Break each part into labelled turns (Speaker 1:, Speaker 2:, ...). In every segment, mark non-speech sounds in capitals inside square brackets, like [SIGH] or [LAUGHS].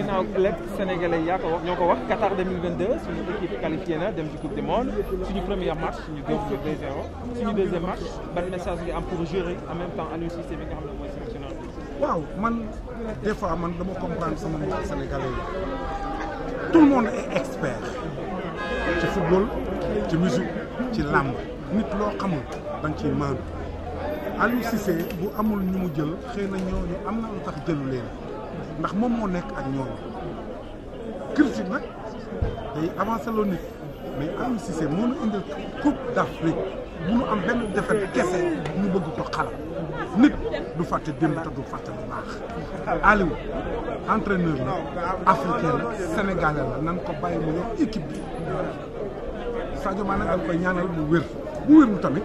Speaker 1: ginnaaw ëllëg sénégalais yaa ko wax ñoo ko wax Qatar 2022 suñu équipe qualifiée na dem ci coupe du monde suñu première match ñu gën ñu 2-0 suñu deuxième match ban message nga am pour gérer en même temps Aliou Cissé bi nga xam ne mooy sélectionneur waaw man des fois man dama comprendre sama mbokk sénégalais yi tout le monde est expert ci football ci musique ci lamb nit loo xamul da nga ciy maandu Aliou Cissé bu amul ñu mu jël xëy na ñu am na lu tax jëlu leen ndax moom moo nekk ak ñoom critique nag day avancé loo nit mais am Aliou Cissé moo nu indil coupe d'Afrique bu nu am benn defet kese ñu bëgg ko xalam nit du fàtte démb te du fàtte lu baax Aliou entraîneur la africain la sénégalais la nan ko bàyyi mu yor équipe bi Sadio Mané nag koy ñaanal mu wér bu wér mu tamit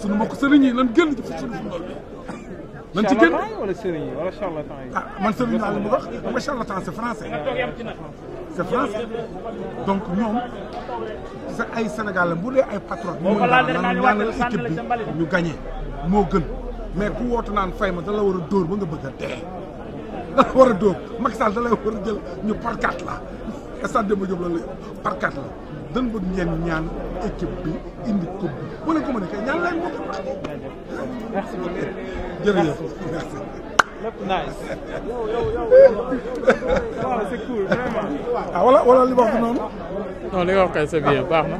Speaker 1: suñu mbokk sëriñ yi lan génn ci suñu football bi. lan génn wala sëriñ yi wala charlatan yi. ah man sëriñ laa leen di wax xam nga charlatan c'est français. c'est ay Sénégal bu dee ay patron. ñu ñaanal équipe bi ñu gagné moo gën. mais ku wootu naan fay ma da la war a dóor ba nga bëgg a dee. [LAUGHS] da la war a dóor Macky Sall da lay war a jël ñu parkat la. stade Demba Diop loolu la yëpp par la dañ bëgg ngeen ñaan équipe bi indi coupe bi bu kay ñaan leen ko. merci beaucoup jërëjëf merci. lépp nice. yow yow ah, noonu. li wax kay c'est bien baax na.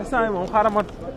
Speaker 1: instant yii moom xaaral